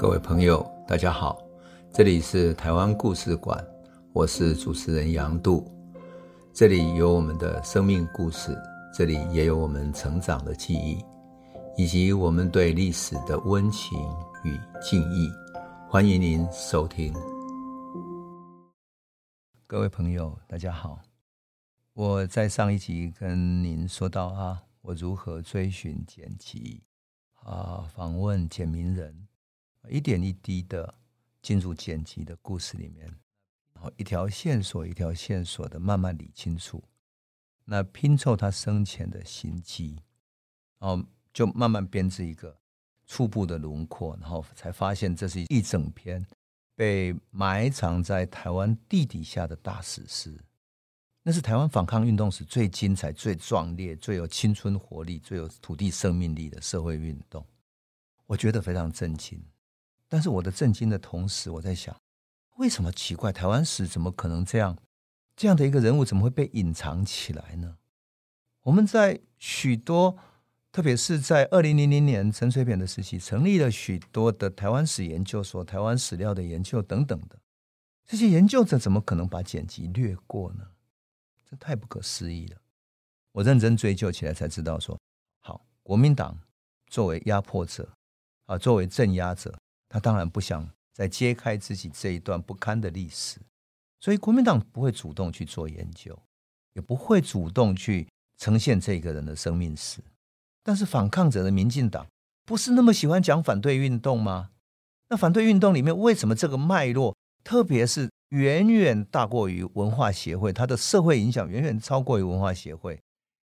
各位朋友，大家好，這裡是台灣故事館，我是主持人楊度，這裡有我們的生命故事，這裡也有我們成長的記憶，以及我們對歷史的溫情與敬意。歡迎您收聽。各位朋友，大家好，我在上一集跟您說到啊，我如何追尋簡吉啊、呃，訪問簡明仁。一點一滴的進入簡吉的故事裡面，然後一條線索一條線索的慢慢理清楚，那拼湊他生前的行跡，然後就慢慢編織一個初步的輪廓，然後才發現這是一整篇被埋藏在臺灣地底下的大史詩。那是臺灣反抗運動史最精彩、最壯烈、最有青春活力、最有土地生命力的社會運動，我覺得非常震驚。但是我的震驚的同時，我在想，為什麼奇怪？台灣史怎麼可能這樣？這樣的一個人物怎麼會被隱藏起來呢？我們在許多，特別是在二零零零年陳水扁的時期，成立了許多的台灣史研究所、台灣史料的研究等等的。這些研究者怎麼可能把簡吉略過呢？這太不可思議了。我認真追究起來，才知道說，好，國民黨作為壓迫者，啊、呃，作為鎮壓者。他當然不想再揭開自己這一段不堪的歷史，所以國民黨不會主動去做研究，也不會主動去呈現這個人的生命史。但是，反抗者的民進黨不是那麼喜歡講反對運動嗎？那反對運動裡面，為什麼這個脈絡，特別是遠遠大過於文化協會，它的社會影響遠遠超過於文化協會，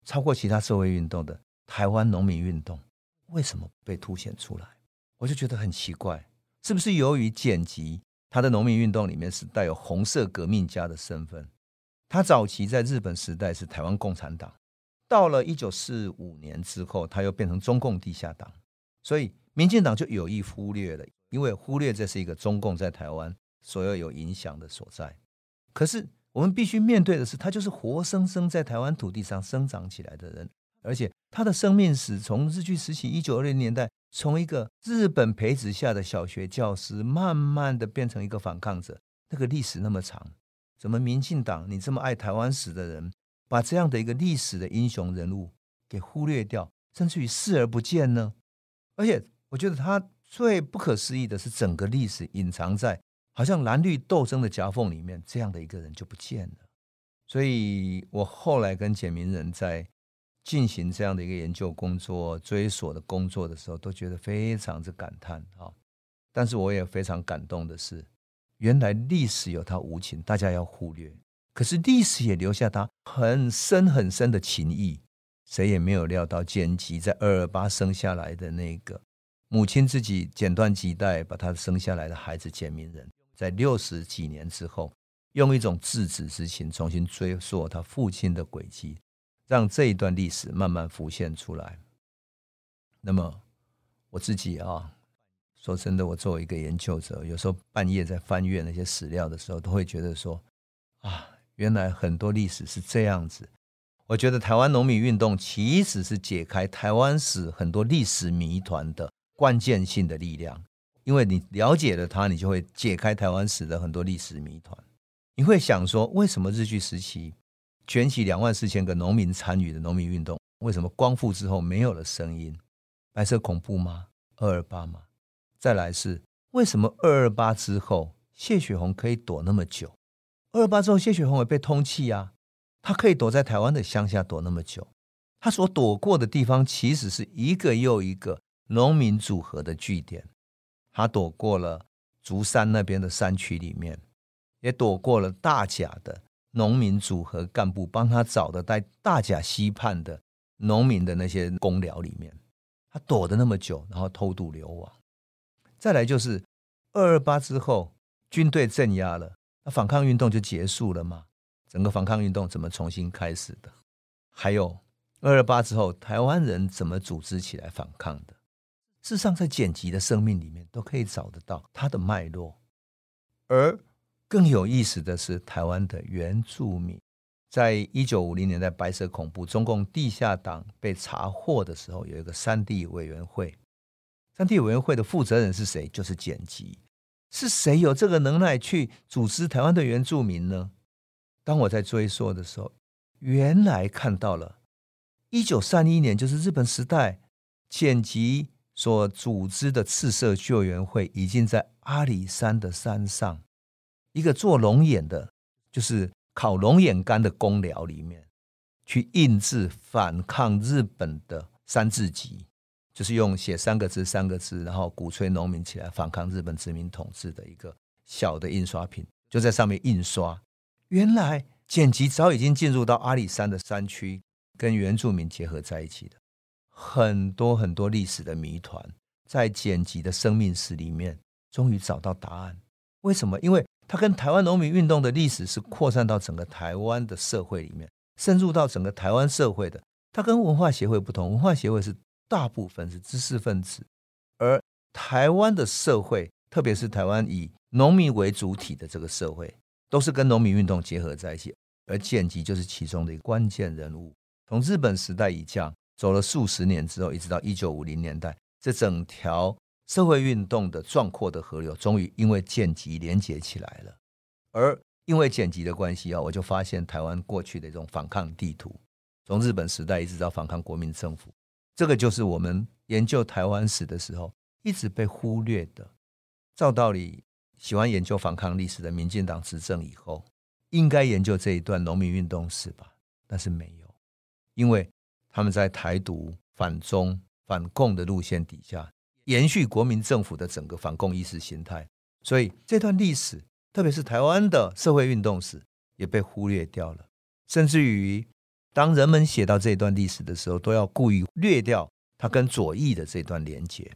超過其他社會運動的台灣農民運動，為什麼被凸顯出來？我就覺得很奇怪。是不是由於簡吉，他的農民運動裡面是帶有紅色革命家的身份？他早期在日本時代是台灣共產黨，到了一九四五年之後，他又變成中共地下黨，所以民進黨就有意忽略了，因為忽略這是一個中共在台灣所有有影響的所在。可是我們必須面對的是，他就是活生生在台灣土地上生長起來的人，而且他的生命史從日據時期一九二零年代，從一個日本培植下的小學教師，慢慢的變成一個反抗者。那個歷史那麼長，怎麼民進黨你這麼愛台灣史的人，把這樣的一個歷史的英雄人物給忽略掉，甚至於視而不見呢？而且我覺得他最不可思議的是，整個歷史隱藏在好像藍綠鬥爭的夾縫裡面，這樣的一個人就不見了。所以，我後來跟簡明仁在。進行這樣的一個研究工作、追索的工作的時候，都覺得非常之感嘆啊、哦！但是我也非常感動的是，原來歷史有它無情，大家要忽略；可是歷史也留下它很深很深的情誼。誰也沒有料到，簡吉在二二八生下來的那個母親自己剪斷臍帶，把他生下來的孩子簡明仁在六十幾年之後，用一種稚子之情重新追溯他父親的軌跡。讓這一段歷史慢慢浮現出來。那麼我自己啊，說真的，我作為一個研究者，有時候半夜在翻閱那些史料的時候，都會覺得說啊，原來很多歷史是這樣子。我覺得台灣農民運動其實是解開台灣史很多歷史謎團的關鍵性的力量，因為你了解了它，你就會解開台灣史的很多歷史謎團。你會想說，為什麼日據時期捲起兩萬四千個農民參與的農民運動，為什麼光復之後沒有了聲音？白色恐怖嗎？二二八嗎？再來是為什麼二二八之後謝雪紅可以躲那麼久？二二八之後謝雪紅也被通緝啊，他可以躲在台灣的鄉下躲那麼久，他所躲過的地方其實是一個又一個農民組合的據點，他躲過了竹山那邊的山區裡面，也躲過了大甲的。農民組合幹部幫他找的，在大甲溪畔的農民的那些工寮裡面，他躲得那麼久，然後偷渡流亡。再來就是二二八之後，軍隊鎮壓了，那反抗運動就結束了嗎？整個反抗運動怎麼重新開始的？還有二二八之後，台灣人怎麼組織起來反抗的？事實上，在簡吉的生命裡面都可以找得到它的脈絡，而。更有意思的是，台灣的原住民在一九五零年代白色恐怖，中共地下黨被查獲的時候，有一個山地委員會。山地委員會的負責人是誰？就是簡吉。是誰有這個能耐去組織台灣的原住民呢？當我在追溯的時候，原來看到了一九三一年，就是日本時代，簡吉所組織的赤色救援會，已經在阿里山的山上，一個做龍眼的，就是烤龍眼乾的工寮裡面，去印制反抗日本的三字集，就是用寫三個字三個字，然後鼓吹農民起來反抗日本殖民統治的一個小的印刷品，就在上面印刷。原來簡吉早已經進入到阿里山的山區，跟原住民結合在一起的。很多很多歷史的謎團，在簡吉的生命史裡面，終於找到答案。為什麼？因為。它跟台灣農民運動的歷史是擴散到整個台灣的社會裡面，深入到整個台灣社會的。它跟文化協會不同，文化協會是大部分是知識分子，而台灣的社會，特別是台灣以農民為主體的這個社會，都是跟農民運動結合在一起，而簡吉就是其中的一個關鍵人物。從日本時代以降，走了數十年之後，一直到一九五零年代，這整條。社會運動的壯闊的河流，終於因為簡吉連接起來了。而因為簡吉的關係啊，我就發現台灣過去的一種反抗地圖，從日本時代一直到反抗國民政府，這個就是我們研究台灣史的時候一直被忽略的。照道理，喜歡研究反抗歷史的民進黨執政以後，應該研究這一段農民運動史吧，但是沒有，因為他們在台獨、反中、反共的路線底下。延續國民政府的整個反共意識形態，所以這段歷史，特別是台灣的社會運動史，也被忽略掉了。甚至於，當人們寫到這段歷史的時候，都要故意略掉它跟左翼的這段連接，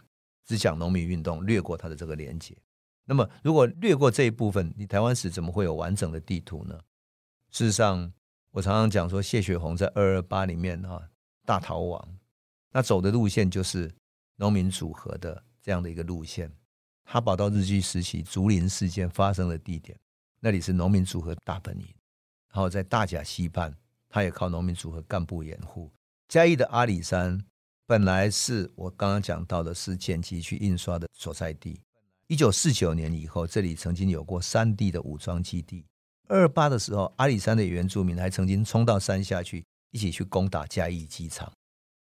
只講農民運動，略過它的這個連接。那麼，如果略過這一部分，你台灣史怎麼會有完整的地圖呢？事實上，我常常講說，謝雪紅在二二八裡面哈大逃亡，那走的路線就是。農民組合的這樣的一個路線，他跑到日據時期竹林事件發生的地點，那裡是農民組合大本營，然後在大甲溪畔，他也靠農民組合幹部掩護。嘉義的阿里山本來是我剛剛講到的是簡吉去印刷的所在地。一九四九年以後，這裡曾經有過山地的武裝基地。二八的時候，阿里山的原住民還曾經衝到山下去，一起去攻打嘉義機場。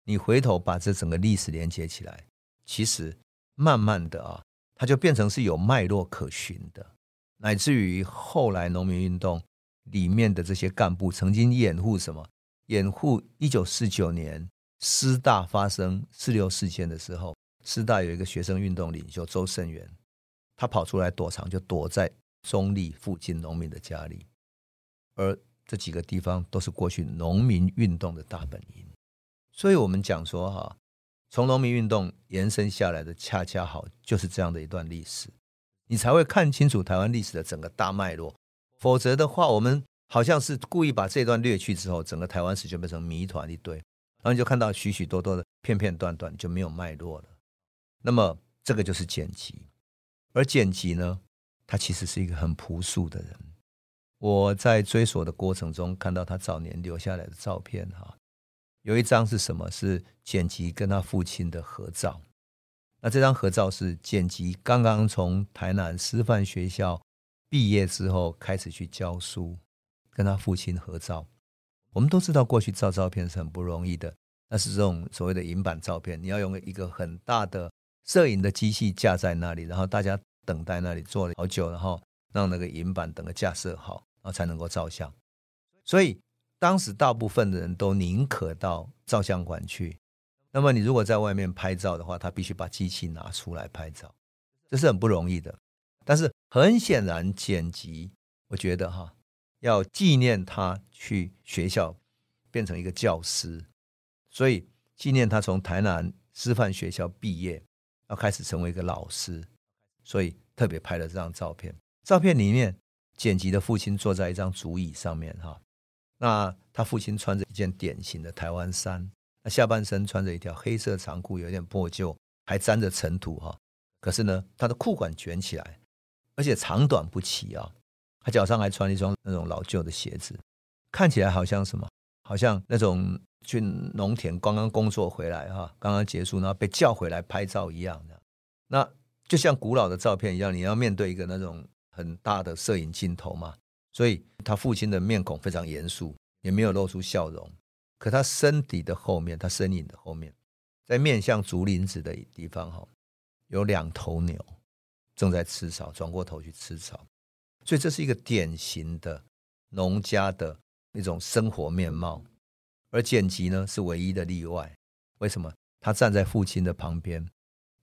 你回頭把這整個歷史連接起來，其實慢慢的啊，它就變成是有脈絡可循的，乃至於後來農民運動裡面的這些幹部，曾經掩護什麼？掩護一九四九年師大發生四六事件的時候，師大有一個學生運動領袖周慎源，他跑出來躲藏，就躲在中壢附近農民的家裡，而這幾個地方都是過去農民運動的大本營。所以我們講說哈，從農民運動延伸下來的，恰恰好就是這樣的一段歷史，你才會看清楚台灣歷史的整個大脈絡。否則的話，我們好像是故意把這段略去之後，整個台灣史就變成謎團一堆，然後你就看到許許多多，多的片片段段就沒有脈絡了。那麼這個就是簡吉，而簡吉呢，他其實是一個很樸素的人。我在追索的過程中，看到他早年留下來的照片哈。有一張是什麼？是簡吉跟他父親的合照。那這張合照是簡吉剛剛從台南師範學校畢業之後開始去教書，跟他父親合照。我們都知道過去照照片是很不容易的，那是這種所謂的銀版照片，你要用一個很大的攝影的機器架在那裡，然後大家等待那裡坐了好久，然後讓那個銀版整個架設好，然後才能夠照相。所以。當時大部分的人都寧可到照相館去。那麼，你如果在外面拍照的話，他必須把機器拿出來拍照，這是很不容易的。但是，很顯然，簡吉我覺得哈，要紀念他去學校變成一個教師，所以紀念他從台南師範學校畢業，要開始成為一個老師，所以特別拍了這張照片。照片裡面，簡吉的父親坐在一張竹椅上面哈。那他父親穿着一件典型的台灣衫，下半身穿着一條黑色長褲，有點破舊，還沾着塵土哈、哦。可是呢，他的褲管卷起來，而且長短不齊啊、哦。他腳上還穿一雙那種老舊的鞋子，看起來好像什麼，好像那種去農田剛剛工作回來哈，剛剛結束然後被叫回來拍照一樣的。那就像古老的照片一樣，你要面對一個那種很大的攝影鏡頭嘛。所以他父親的面孔非常嚴肅，也沒有露出笑容。可他身體的後面，他身影的後面，在面向竹林子的地方，哈，有兩頭牛正在吃草，轉過頭去吃草。所以這是一個典型的農家的那種生活面貌。而簡吉呢，是唯一的例外。為什麼？他站在父親的旁邊，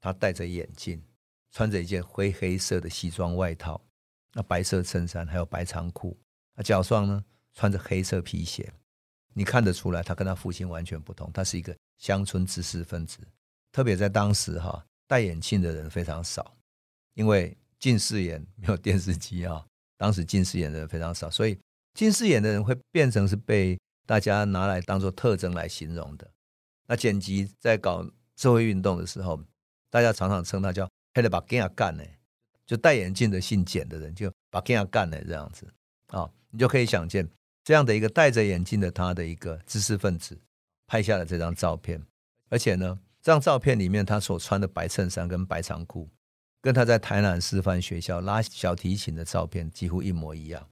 他戴着眼鏡，穿着一件灰黑色的西裝外套。那白色襯衫，還有白長褲，那腳上呢，穿着黑色皮鞋，你看得出來，他跟他父親完全不同。他是一個鄉村知識分子，特別在當時哈，戴眼鏡的人非常少，因為近視眼沒有電視機啊，當時近視眼的人非常少，所以近視眼的人會變成是被大家拿來當做特徵來形容的。那簡吉在搞社會運動的時候，大家常常稱他叫黑了把根啊干呢。就戴眼鏡的姓簡的人就把 k i 干了，這樣子啊、哦，你就可以想見這樣的一個戴着眼鏡的他的一個知識分子拍下了這張照片，而且呢，這張照片裡面他所穿的白襯衫跟白長褲，跟他在台南師範學校拉小提琴的照片幾乎一模一樣，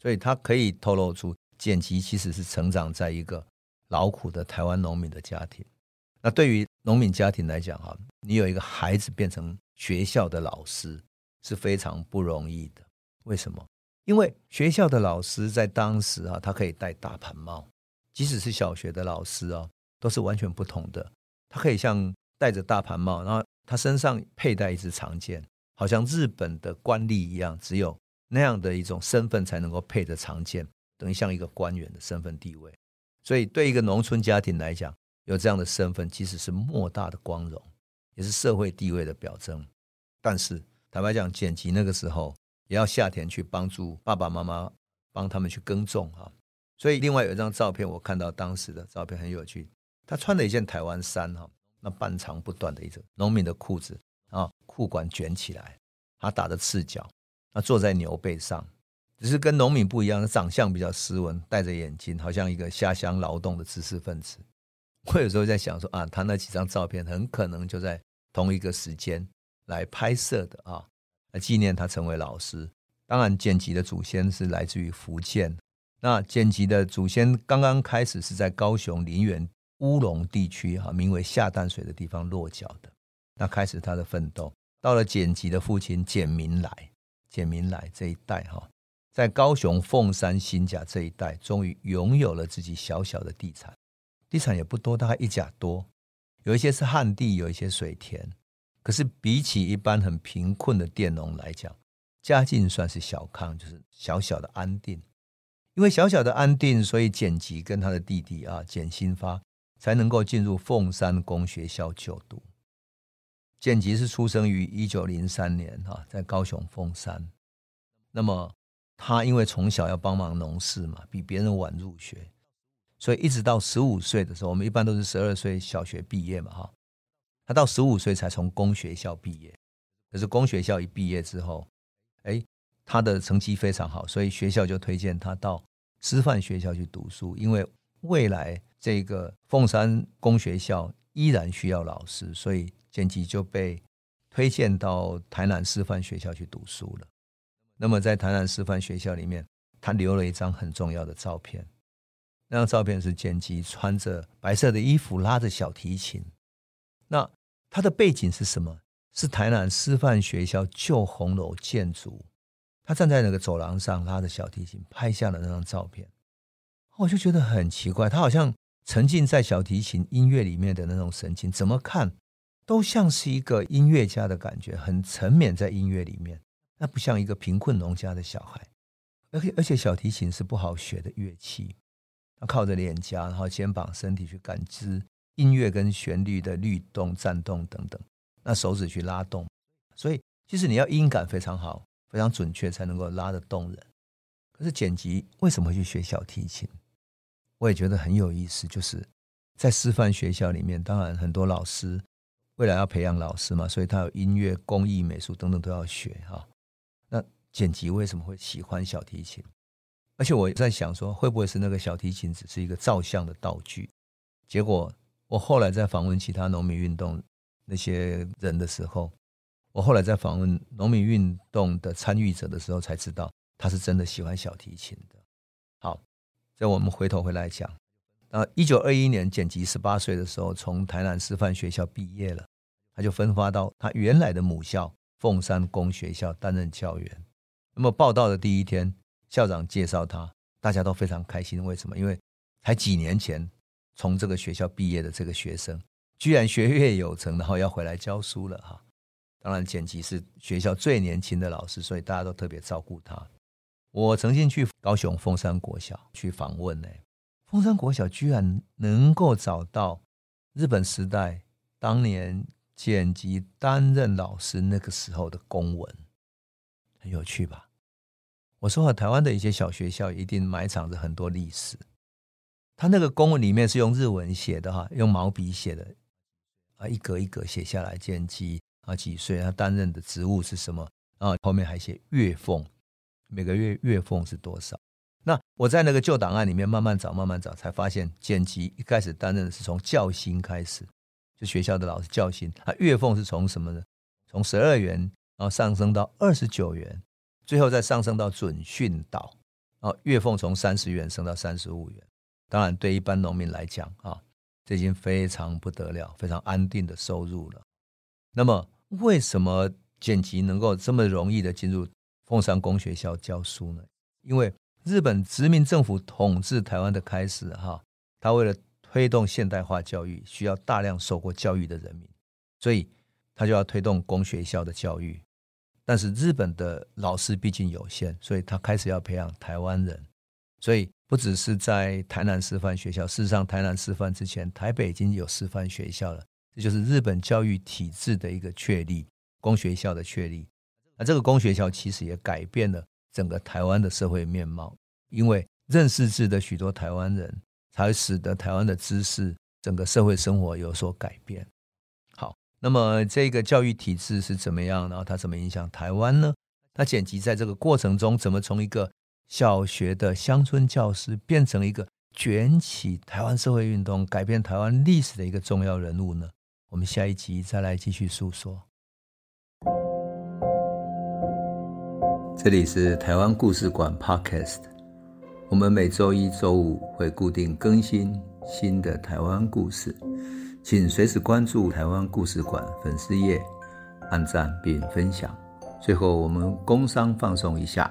所以他可以透露出簡吉其實是成長在一個勞苦的台灣農民的家庭。那對於農民家庭來講哈，你有一個孩子變成學校的老師。是非常不容易的。為什麼？因為學校的老師在當時啊，他可以戴大盤帽，即使是小學的老師哦，都是完全不同的。他可以像戴着大盤帽，然後他身上佩戴一支長劍，好像日本的官吏一樣。只有那樣的一種身份，才能夠配得長劍，等於像一個官員的身份地位。所以，對一個農村家庭來講，有這樣的身份，其實是莫大的光榮，也是社會地位的表徵。但是，坦白講，簡吉那個時候也要下田去幫助爸爸媽媽幫他們去耕種哈，所以另外有一張照片，我看到當時的照片很有趣，他穿了一件台灣衫哈，那半長不短的一種農民的褲子啊，褲管捲起來，他打着赤腳，他坐在牛背上，只是跟農民不一樣，他長相比較斯文，戴着眼鏡，好像一個下鄉勞動的知識分子。我有時候在想說啊，他那幾張照片很可能就在同一個時間。來拍攝的啊，來紀念他成為老師。當然，簡吉的祖先是來自於福建。那簡吉的祖先剛剛開始是在高雄林園烏龍地區哈，名為下淡水的地方落腳的。那開始他的奮鬥，到了簡吉的父親簡明來、簡明來這一代哈，在高雄鳳山新甲這一帶終於擁有了自己小小的地產，地產也不多，大概一甲多，有一些是旱地，有一些水田。可是比起一般很貧困的佃農來講，家境算是小康，就是小小的安定。因為小小的安定，所以簡吉跟他的弟弟啊簡新發才能夠進入鳳山公學校就讀。簡吉是出生於一九零三年哈、啊，在高雄鳳山。那麼他因為從小要幫忙農事嘛，比別人晚入學，所以一直到十五歲的時候，我們一般都是十二歲小學畢業嘛哈。他到十五歲才從公學校畢業，可是公學校一畢業之後，哎，他的成績非常好，所以學校就推薦他到師範學校去讀書，因為未來這個鳳山公學校依然需要老師，所以簡吉就被推薦到台南師範學校去讀書了。那麼在台南師範學校裡面，他留了一張很重要的照片，那張照片是簡吉穿着白色的衣服拉着小提琴，那。他的背景是什麼？是台南師範學校舊紅樓建築。他站在那個走廊上，拉着小提琴，拍下了那張照片。我就覺得很奇怪，他好像沉浸在小提琴音樂裡面的那種神情，怎麼看都像是一個音樂家的感覺，很沉湎在音樂裡面。他不像一個貧困農家的小孩，而且而且小提琴是不好學的樂器，他靠着臉頰，然後肩膀，身體去感知。音樂跟旋律的律動、顫動等等，那手指去拉動，所以其實你要音感非常好、非常準確，才能夠拉得動人。可是簡吉為什麼會去學小提琴？我也覺得很有意思，就是在師範學校裡面，當然很多老師未來要培養老師嘛，所以他有音樂、工藝、美術等等都要學哈、哦。那簡吉為什麼會喜歡小提琴？而且我在想說，會不會是那個小提琴只是一個照相的道具？結果。我後來在訪問其他農民運動那些人的時候，我後來在訪問農民運動的參與者的時候，才知道他是真的喜歡小提琴的。好，在我們回頭回來講，啊，一九二一年，簡吉十八歲的時候，從台南師範學校畢業了，他就分發到他原來的母校鳳山公學校擔任教員。那麼報到的第一天，校長介紹他，大家都非常開心。為什麼？因為才幾年前。從這個學校畢業的這個學生，居然學業有成，然後要回來教書了哈。當然，簡吉是學校最年輕的老師，所以大家都特別照顧他。我曾經去高雄鳳山國小去訪問呢，哎、鳳山國小居然能夠找到日本時代當年簡吉擔任老師那個時候的公文，很有趣吧？我說話，台灣的一些小學校一定埋藏着很多歷史。他那個公文裡面是用日文寫的哈，用毛筆寫的啊，一格一格寫下來。簡吉啊幾歲？他擔任的職務是什麼？啊，後面還寫月俸，每個月月俸是多少？那我在那個舊檔案裡面慢慢找，慢慢找，才發現簡吉一開始擔任的是從教薪開始，就學校的老師教薪。他月俸是從什麼呢？從十二元，然後上升到二十九元，最後再上升到准訓導，然後月俸從三十元升到三十五元。當然，對一般農民來講啊，這已經非常不得了，非常安定的收入了。那麼，為什麼簡吉能夠這麼容易的進入鳳山公學校教書呢？因為日本殖民政府統治台灣的開始，哈，他為了推動現代化教育，需要大量受過教育的人民，所以他就要推動公學校的教育。但是，日本的老師畢竟有限，所以他開始要培養台灣人，所以。不只是在台南師範學校，事實上，台南師範之前，台北已經有師範學校了。這就是日本教育體制的一個確立，公學校的確立。那這個公學校其實也改變了整個台灣的社會面貌，因為認識字的許多台灣人才使得台灣的知識、整個社會生活有所改變。好，那麼這個教育體制是怎麼樣？然後它怎麼影響台灣呢？他簡吉在這個過程中，怎麼從一個小學的鄉村教師變成了一個卷起台灣社會運動、改變台灣歷史的一個重要人物呢。我們下一集再來繼續訴說。這裡是台灣故事館 Podcast，我們每周一、周五會固定更新新的台灣故事，請隨時關注台灣故事館粉絲頁，按讚並分享。最後，我們工商放送一下。